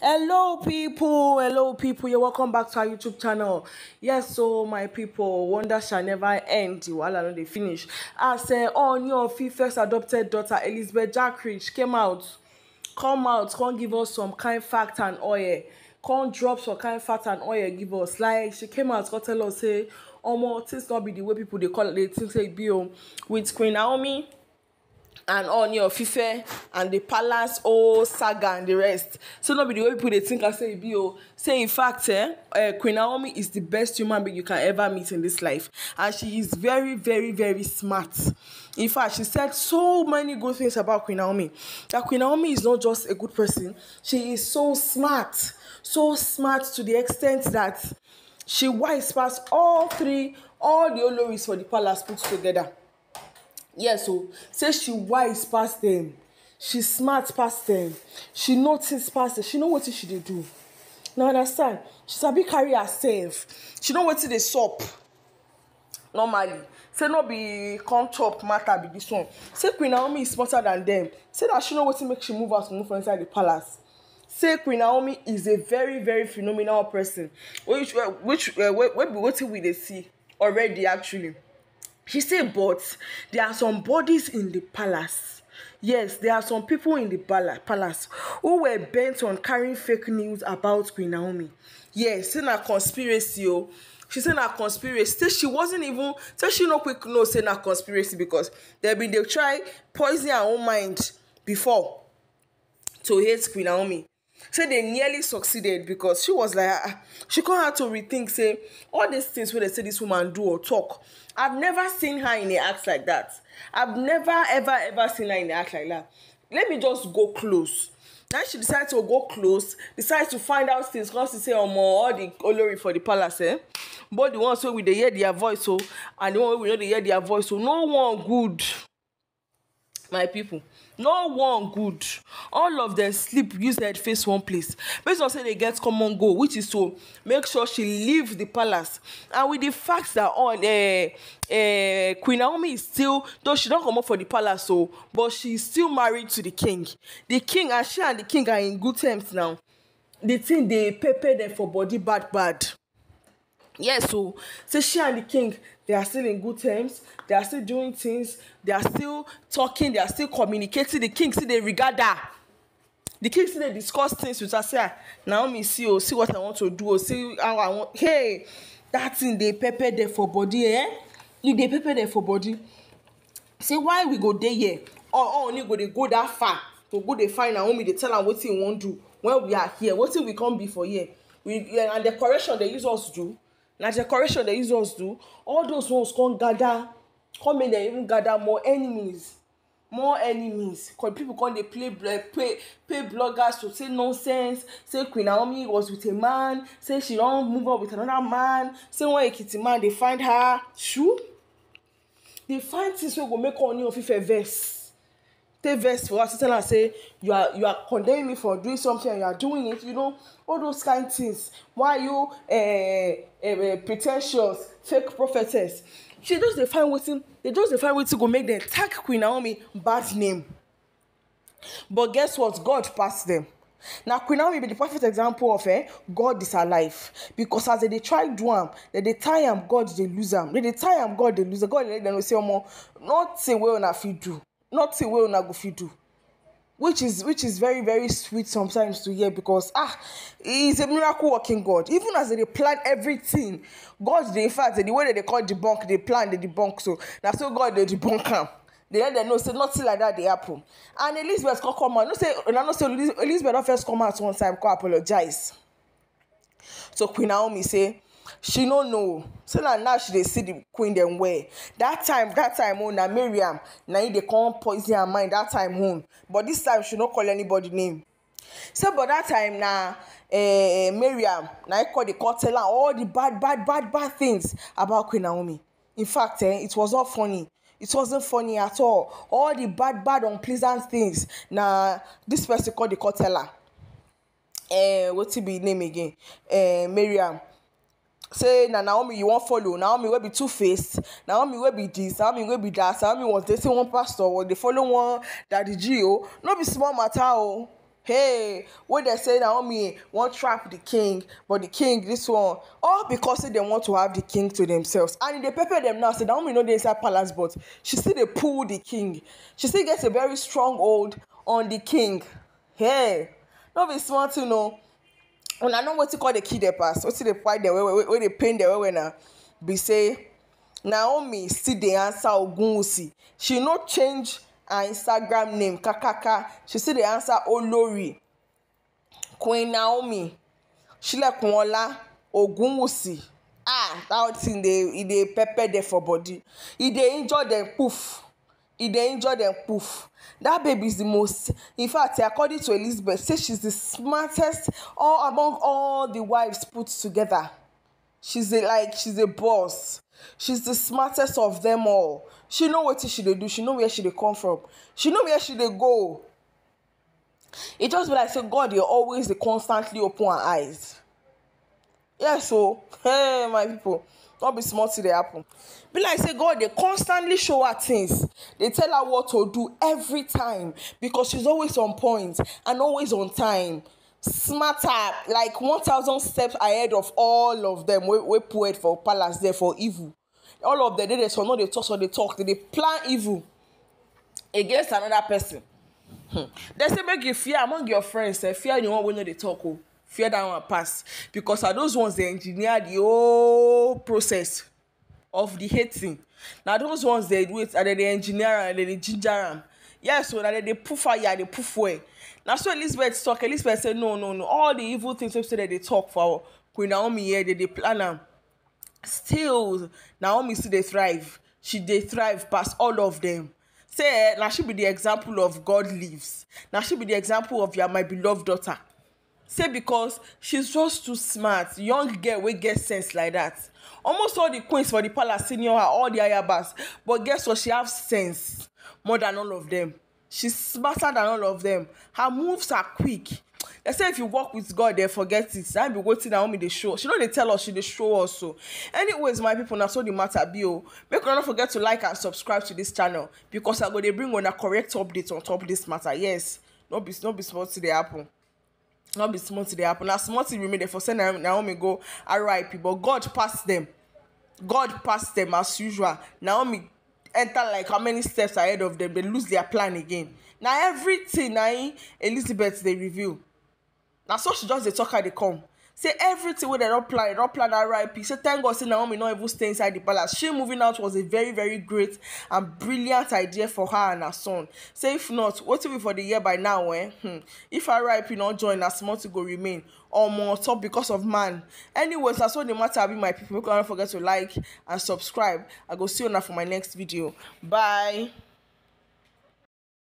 hello people hello people you're welcome back to our youtube channel yes so my people wonder shall never end While I know they finish as uh, eh, Oniofi first adopted daughter elizabeth jackridge came out come out come give us some kind fact and oil come drop some kind fact and oil give us like she came out come tell us say eh, omo things not be the way people they call it they think say be o oh, with queen naomi and Ooni your Ife and the palace oh saga and the rest so no be the way people dey think am say e be oh. say in fact eh, uh, Queen Naomi is the best human being you can ever meet in this life and she is very very very smart in fact she said so many good things about Queen Naomi that Queen Naomi is not just a good person she is so smart so smart to the extent that she wise pass all three all the oloris for the palace put together yes o oh. say she wise pass dem she smart pass dem she know things pass dem she know wetin she dey do na understand she sabi carry herself she know wetin dey sup normally say no be come chop matter be this one say queen naomi is smarter than them say that she know wetin make she move out move from inside the palace say queen naomi is a very very phenomenal person which uh, which uh, wey be wetin we dey see already actually She said, but there are some bodies in the palace. Yes, there are some people in the palace who were bent on carrying fake news about Queen Naomi. Yes, in a conspiracy, oh. She said a conspiracy. Say she wasn't even say she no quick know say na conspiracy because they been dey try poison her own mind before to hate Queen Naomi say they nearly succeeded because she was like ah, ah. she come out to rethink say all these things wey they say this woman do or talk i've never seen her in a act like that i've never ever ever seen her in a act like that let me just go close Then she decide to go close decide to find out things come see say omo all the olori for the palace eh both the ones wey we dey hear their voice o oh, and the one wey we no dey hear their voice o oh, no one good my people no one good all of them sleep use head face one place based on say they get common goal which is to make sure she leave the palace and with the fact that on uh, uh, eh, eh, queen naomi is still though she don't come up for the palace o so, but she's still married to the king the king and she and the king are in good terms now the thing they prepare them for body bad bad yes o so, say she and the king they are still in good terms they are still doing things they are still talking they are still communicating the king still dey regard her the king still dey discuss things with her say ah naomi see o see what i want to do o see how i want. hey that thing dey pepper there for body eh e dey pepper there for body say why we go dey here or ooni go dey go that far to go dey find naomi dey tell am wetin e wan do when we are here wetin we come be for here we and the correction dey use us do na decoration dey use us do all those ones come gather come make dem even gather more enemies more enemies cause people come dey play pay pay bloggers to say nonsense say queen naomi was with a man say she don move up with another man say one ekiti man dey find her shoe dey find things wey go make her Ooni of Ife vex take vex for us to tell her say you are you are condemning me for doing something and you are doing it you know all those kind things why you uh, eh, uh, eh, uh, eh, pre ten tious fake prophetess she just dey find wetin dey just dey find wetin go make dem tag queen naomi bad name but guess what god pass dem na queen naomi be the perfect example of eh, god is her life because as they dey try do am they dey tie am god dey lose am they dey tie am god dey lose am god dey let them know say omo nothing wey una fit do nothing wey well, go fit do which is which is very very sweet sometimes to hear because ah he's a miracle working god even as they plan everything god dey in fact the way they call debunk they plan the debunk so that's so god they debunk am They let them know say nothing like that dey happen and elizabeth come come out no say una know say elizabeth don first come out one time come apologize so queen naomi say she no know So na now she dey see the queen dem well that time that time own oh, na Miriam na him dey come poison her mind that time own oh. but this time she no call anybody name so, but that time na eh, Miriam na him call the call tell am all the bad bad bad bad things about queen naomi in fact eh, it was not funny it wasn't funny at all all the bad bad unpleasant things na this person call the call tell am eh, wetin be him name again eh, Miriam say na naomi you wan follow naomi wey be two faced naomi wey be this naomi wey be that naomi wan dey say one pastor or dey follow one daddy g o oh. no be small matter o oh. hey wey dey say naomi wan trap the king but the king this one all because say dem want to have the king to themselves and e dey pepper dem now say naomi no dey inside palace but she still dey pull the king she still get a very strong hold on the king hey no be small thing o. No una know wetin call the kill dem pass wetin dey fight dem well well wey dey pain dem well well na be say naomi still dey answer ogunwusi she no change her instagram name kakaka she still dey answer olori queen naomi ṣílẹ̀kùnọlá ogunwusi ah that thing dey e dey pepper dem for body e dey injure dem poof e dey injure them. poof That baby is the most in fact according to elizabeth say she's the smartest all among all the wives put together she's a like she's a boss she's the smartest of them all she know what she should do she know where she dey come from she know where she dey go It e just be like say god dey always dey constantly open her eyes Yeah, oh. so, hey my people do not be small to the happen be like say god they constantly show her things They tell her what to do every time because she's always on point and always on time smarter like one thousand steps ahead of all of them We wey for palace there for evil all of them did. They some no They talk So they talk they plan evil against another person hmm. they say make you fear among your friends eh? fear you one when they talk Oh. fear that one pass because na those ones dey engineer the whole process of the hating na those ones dey do it and dem dey engineer am dem dey ginger am yes o na dem dey put fire dey put fuel na so elizabeth talk elizabeth say no no no all the evil things wey be say dem dey talk for queen naomi here dem dey plan am still naomi still dey thrive she dey thrive pass all of them say eh na she be the example of god lives na she be the example of your my beloved daughter say because she's just too smart young girl wey get sense like that almost all the queens for the palace senior her all the ayabas but guess what she have sense more than all of them she's smarter than all of them her moves are quick they say if you work with god then forget it na be wetin naomi dey show she no dey tell us she dey show us so anyways my people na so the matter be o oh. make una no forget to like and subscribe to this channel because i go dey bring una correct update on top this matter yes no be no be small thing dey happen not be small thing dey happen na small thing remain there for say naomi go rip but god pass them. god pass them as usual naomi enter like how many steps ahead of them? They lose their plan again Now everything I elizabeth they reveal Now so she just they talk how they come say everything wey dem don plan dem don plan that rip say thank god say naomi no even stay inside the palace she moving out was a very very great and brilliant idea for her and her son say if not wetin we for the year by now eh hmm, if her rip no join na small thing go remain omo on top because of man anyways na so the matter be my people make una no forget to like and subscribe i go see una for my next video bye.